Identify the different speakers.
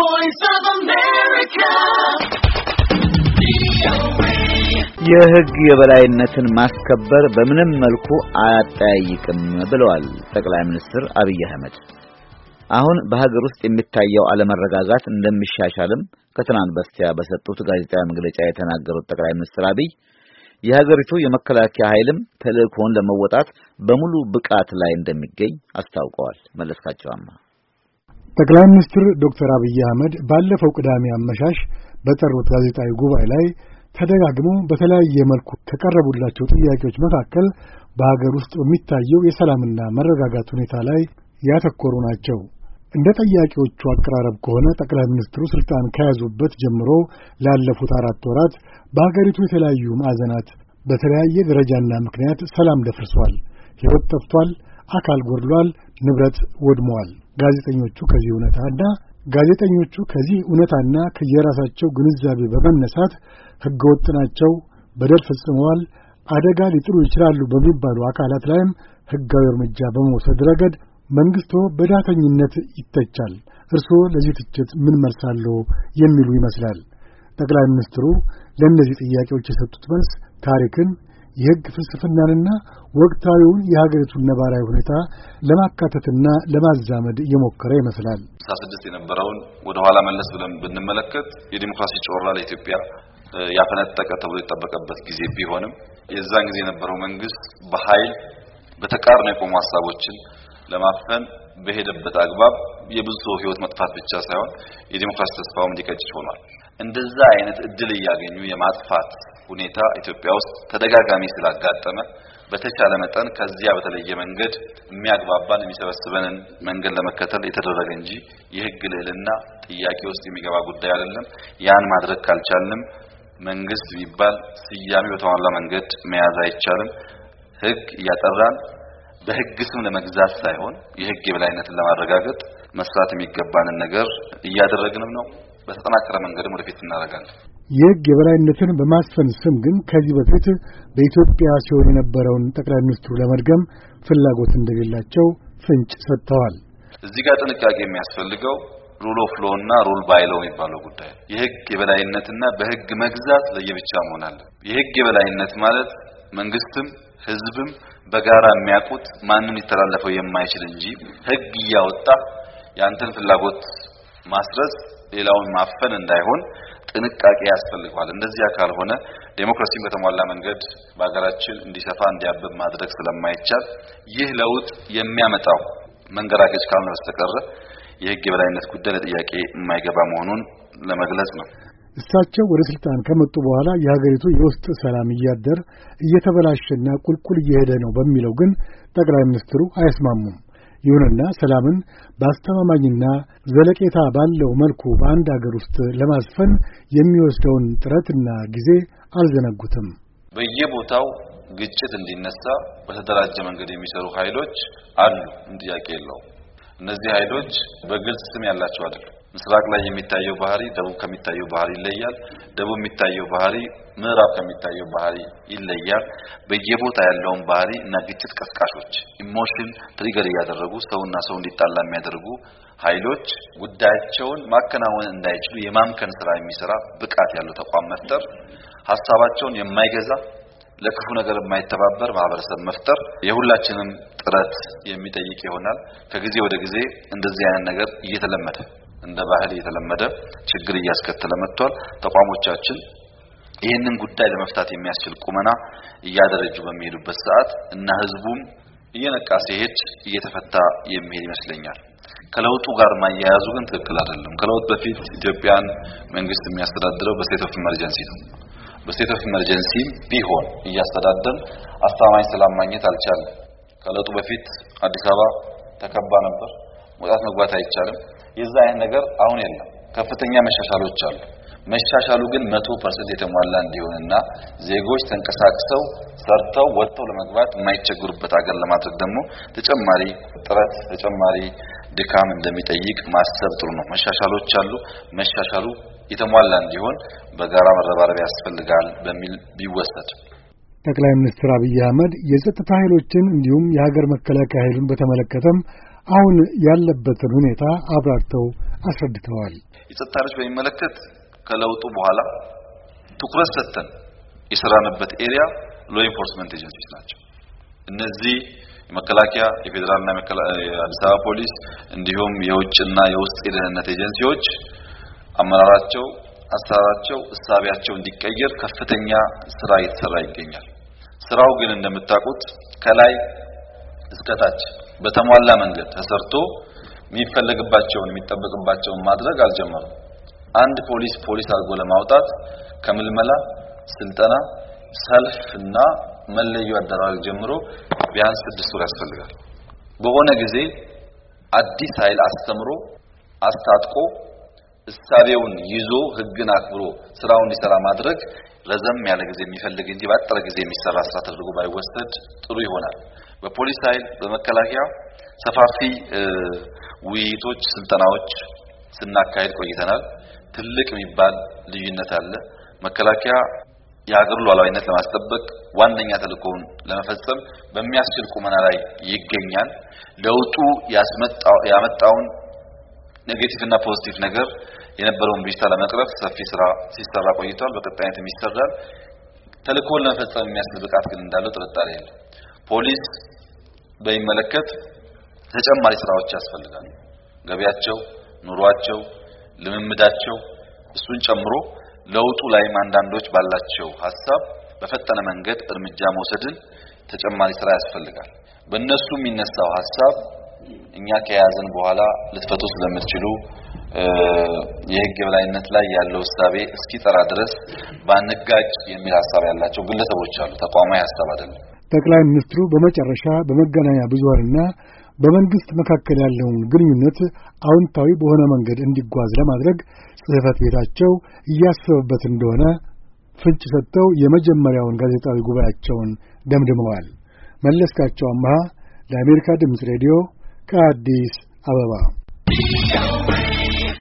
Speaker 1: voice of America.
Speaker 2: የሕግ የበላይነትን ማስከበር በምንም መልኩ አያጠያይቅም ብለዋል ጠቅላይ ሚኒስትር አብይ አህመድ። አሁን በሀገር ውስጥ የሚታየው አለመረጋጋት እንደሚሻሻልም ከትናንት በስቲያ በሰጡት ጋዜጣዊ መግለጫ የተናገሩት ጠቅላይ ሚኒስትር አብይ የሀገሪቱ የመከላከያ ኃይልም ተልእኮውን ለመወጣት በሙሉ ብቃት ላይ እንደሚገኝ አስታውቀዋል። መለስካቸው አማ
Speaker 1: ጠቅላይ ሚኒስትር ዶክተር አብይ አህመድ ባለፈው ቅዳሜ አመሻሽ በጠሩት ጋዜጣዊ ጉባኤ ላይ ተደጋግሞ በተለያየ መልኩ ከቀረቡላቸው ጥያቄዎች መካከል በሀገር ውስጥ በሚታየው የሰላምና መረጋጋት ሁኔታ ላይ ያተኮሩ ናቸው። እንደ ጠያቂዎቹ አቀራረብ ከሆነ ጠቅላይ ሚኒስትሩ ስልጣን ከያዙበት ጀምሮ ላለፉት አራት ወራት በሀገሪቱ የተለያዩ ማዕዘናት በተለያየ ደረጃና ምክንያት ሰላም ደፍርሷል፣ ሕይወት ጠፍቷል፣ አካል ጎድሏል፣ ንብረት ወድመዋል። ጋዜጠኞቹ ከዚህ እውነታና ጋዜጠኞቹ ከዚህ እውነታና ከየራሳቸው ግንዛቤ በመነሳት ሕገወጥ ናቸው፣ በደል ፈጽመዋል፣ አደጋ ሊጥሉ ይችላሉ በሚባሉ አካላት ላይም ሕጋዊ እርምጃ በመውሰድ ረገድ መንግስቶ በዳተኝነት ይተቻል። እርስዎ ለዚህ ትችት ምን መልሳለሁ የሚሉ ይመስላል። ጠቅላይ ሚኒስትሩ ለእነዚህ ጥያቄዎች የሰጡት መልስ ታሪክን የሕግ ፍልስፍናንና ወቅታዊውን የሀገሪቱን ነባራዊ ሁኔታ ለማካተትና ለማዛመድ የሞከረ ይመስላል።
Speaker 2: ስራ ስድስት የነበረውን ወደ ኋላ መለስ ብለን ብንመለከት የዲሞክራሲ ጮራ ለኢትዮጵያ ያፈነጠቀ ተብሎ የጠበቀበት ጊዜ ቢሆንም የዛን ጊዜ የነበረው መንግስት በኃይል በተቃርኖ የቆሙ ሀሳቦችን ለማፈን በሄደበት አግባብ የብዙ ሰው ህይወት መጥፋት ብቻ ሳይሆን የዲሞክራሲ ተስፋውም እንዲቀጭጭ ሆኗል። እንደዛ አይነት እድል እያገኙ የማጥፋት ሁኔታ ኢትዮጵያ ውስጥ ተደጋጋሚ ስላጋጠመ በተቻለ መጠን ከዚያ በተለየ መንገድ የሚያግባባን የሚሰበስበንን መንገድ ለመከተል የተደረገ እንጂ የህግ ልዕልና ጥያቄ ውስጥ የሚገባ ጉዳይ አይደለም። ያን ማድረግ ካልቻልንም መንግስት የሚባል ስያሜ በተሟላ መንገድ መያዝ አይቻልም። ህግ እያጠራን በህግ ስም ለመግዛት ሳይሆን የህግ የበላይነትን ለማረጋገጥ መስራት የሚገባንን ነገር እያደረግንም ነው። በተጠናከረ መንገድም ወደፊት እናደርጋለን።
Speaker 1: የህግ የበላይነትን በማስፈን ስም ግን ከዚህ በፊት በኢትዮጵያ ሲሆን የነበረውን ጠቅላይ ሚኒስትሩ ለመድገም ፍላጎት እንደሌላቸው ፍንጭ ሰጥተዋል።
Speaker 2: እዚህ ጋር ጥንቃቄ የሚያስፈልገው ሩል ኦፍ ሎ እና ሩል ባይ ሎ የሚባለው ጉዳይ የህግ የበላይነትና በህግ መግዛት ለየብቻ መሆን አለ። የህግ የበላይነት ማለት መንግስትም ህዝብም በጋራ የሚያውቁት ማንም ሊተላለፈው የማይችል እንጂ ህግ እያወጣ የአንተን ፍላጎት ማስረጽ ሌላውን ማፈን እንዳይሆን ጥንቃቄ ያስፈልገዋል። እንደዚያ ካልሆነ ዴሞክራሲን በተሟላ መንገድ በሀገራችን እንዲሰፋ እንዲያብብ ማድረግ ስለማይቻል ይህ ለውጥ የሚያመጣው መንገራገጭ ካልሆነ በስተቀር የህግ የበላይነት ጉዳይ ለጥያቄ የማይገባ መሆኑን ለመግለጽ ነው።
Speaker 1: እሳቸው ወደ ስልጣን ከመጡ በኋላ የሀገሪቱ የውስጥ ሰላም እያደር እየተበላሸና ቁልቁል እየሄደ ነው በሚለው ግን ጠቅላይ ሚኒስትሩ አያስማሙም። ይሁንና ሰላምን በአስተማማኝና ዘለቄታ ባለው መልኩ በአንድ አገር ውስጥ ለማስፈን የሚወስደውን ጥረትና ጊዜ አልዘነጉትም።
Speaker 2: በየቦታው ግጭት እንዲነሳ በተደራጀ መንገድ የሚሰሩ ኃይሎች አሉ፣ ጥያቄ የለውም። እነዚህ ኃይሎች በግልጽ ስም ያላቸው አይደሉም። ምስራቅ ላይ የሚታየው ባህሪ ደቡብ ከሚታየው ባህሪ ይለያል። ደቡብ የሚታየው ባህሪ ምዕራብ ከሚታየው ባህሪ ይለያል። በየቦታ ያለውን ባህሪ እና ግጭት ቀስቃሾች ኢሞሽን ትሪገር እያደረጉ ሰውና ሰው እንዲጣላ የሚያደርጉ ኃይሎች ጉዳያቸውን ማከናወን እንዳይችሉ የማምከን ስራ የሚሰራ ብቃት ያለው ተቋም መፍጠር፣ ሀሳባቸውን የማይገዛ ለክፉ ነገር የማይተባበር ማህበረሰብ መፍጠር የሁላችንም ጥረት የሚጠይቅ ይሆናል። ከጊዜ ወደ ጊዜ እንደዚህ አይነት ነገር እየተለመደ እንደ ባህል የተለመደ ችግር እያስከተለ መጥቷል። ተቋሞቻችን ይህንን ጉዳይ ለመፍታት የሚያስችል ቁመና እያደረጁ በሚሄዱበት ሰዓት እና ህዝቡም እየነቃ ሲሄድ እየተፈታ የሚሄድ ይመስለኛል። ከለውጡ ጋር ማያያዙ ግን ትክክል አይደለም። ከለውጥ በፊት ኢትዮጵያን መንግስት የሚያስተዳድረው በስቴት ኦፍ ኢመርጀንሲ ነው። በስቴት ኦፍ ኢመርጀንሲ ቢሆን እያስተዳደር አስተማማኝ ሰላም ማግኘት አልቻለም። ከለውጡ በፊት አዲስ አበባ ተከባ ነበር። መውጣት መግባት አይቻልም። የዛ አይነት ነገር አሁን የለም። ከፍተኛ መሻሻሎች አሉ። መሻሻሉ ግን መቶ ፐርሰንት የተሟላ እንዲሆንና ዜጎች ተንቀሳቅሰው ሰርተው ወጥተው ለመግባት የማይቸግሩበት አገር ለማድረግ ደግሞ ተጨማሪ ጥረት ተጨማሪ ድካም እንደሚጠይቅ ማሰብ ጥሩ ነው። መሻሻሎች አሉ። መሻሻሉ የተሟላ እንዲሆን በጋራ መረባረብ ያስፈልጋል በሚል ቢወሰድ
Speaker 1: ጠቅላይ ሚኒስትር አብይ አህመድ የጸጥታ ኃይሎችን እንዲሁም የሀገር መከላከያ ኃይሉን በተመለከተም አሁን ያለበትን ሁኔታ አብራርተው አስረድተዋል።
Speaker 2: የጸጥታ ኃይሎች በሚመለከት ከለውጡ በኋላ ትኩረት ሰጥተን የሰራንበት ኤሪያ ሎ ኢንፎርስመንት ኤጀንሲዎች ናቸው። እነዚህ የመከላከያ የፌዴራልና የአዲስ አበባ ፖሊስ እንዲሁም የውጭና የውስጥ የደህንነት ኤጀንሲዎች አመራራቸው፣ አሰራራቸው፣ እሳቢያቸው እንዲቀየር ከፍተኛ ስራ እየተሰራ ይገኛል። ስራው ግን እንደምታውቁት ከላይ እስከታች በተሟላ መንገድ ተሰርቶ የሚፈለግባቸውን የሚጠበቅባቸውን ማድረግ አልጀመሩም። አንድ ፖሊስ ፖሊስ አድርጎ ለማውጣት ከምልመላ፣ ስልጠና፣ ሰልፍና መለዩ አደራረግ ጀምሮ ቢያንስ ስድስት ወር ያስፈልጋል። በሆነ ጊዜ አዲስ ኃይል አስተምሮ አስታጥቆ እሳቤውን ይዞ ህግን አክብሮ ስራውን እንዲሰራ ማድረግ ረዘም ያለ ጊዜ የሚፈልግ እንጂ ባጠረ ጊዜ የሚሰራ ስራ ተደርጎ ባይወሰድ ጥሩ ይሆናል። በፖሊስ ኃይል፣ በመከላከያ ሰፋፊ ውይይቶች፣ ስልጠናዎች ስናካሄድ ቆይተናል። ትልቅ የሚባል ልዩነት አለ። መከላከያ የሀገሩ ሉዓላዊነት ለማስጠበቅ ዋነኛ ተልእኮውን ለመፈጸም በሚያስችል ቁመና ላይ ይገኛል። ለውጡ ያስመጣው ያመጣውን ኔጌቲቭ እና ፖዚቲቭ ነገር የነበረውን ብዥታ ለመቅረፍ ሰፊ ስራ ሲሰራ ቆይቷል። በቀጣይነት ይሰራል። ተልእኮውን ለመፈጸም የሚያስችል ብቃት ግን እንዳለው ጥርጣሬ የለም። ፖሊስ በሚመለከት ተጨማሪ ስራዎች ያስፈልጋሉ። ገቢያቸው፣ ኑሯቸው፣ ልምምዳቸው እሱን ጨምሮ ለውጡ ላይም አንዳንዶች ባላቸው ሀሳብ በፈጠነ መንገድ እርምጃ መውሰድን ተጨማሪ ስራ ያስፈልጋል። በእነሱ የሚነሳው ሀሳብ እኛ ከያዝን በኋላ ልትፈቱ ስለምትችሉ የህግ የበላይነት ላይ ያለው እሳቤ እስኪጠራ ድረስ ባንጋጭ የሚል ሀሳብ ያላቸው ግለሰቦች አሉ። ተቋማዊ ሀሳብ አይደለም።
Speaker 1: ጠቅላይ ሚኒስትሩ በመጨረሻ በመገናኛ ብዙሃንና በመንግሥት መካከል ያለውን ግንኙነት አዎንታዊ በሆነ መንገድ እንዲጓዝ ለማድረግ ጽሕፈት ቤታቸው እያሰበበት እንደሆነ ፍንጭ ሰጥተው የመጀመሪያውን ጋዜጣዊ ጉባኤያቸውን ደምድመዋል። መለስካቸው አምሃ ለአሜሪካ ድምፅ ሬዲዮ ከአዲስ አበባ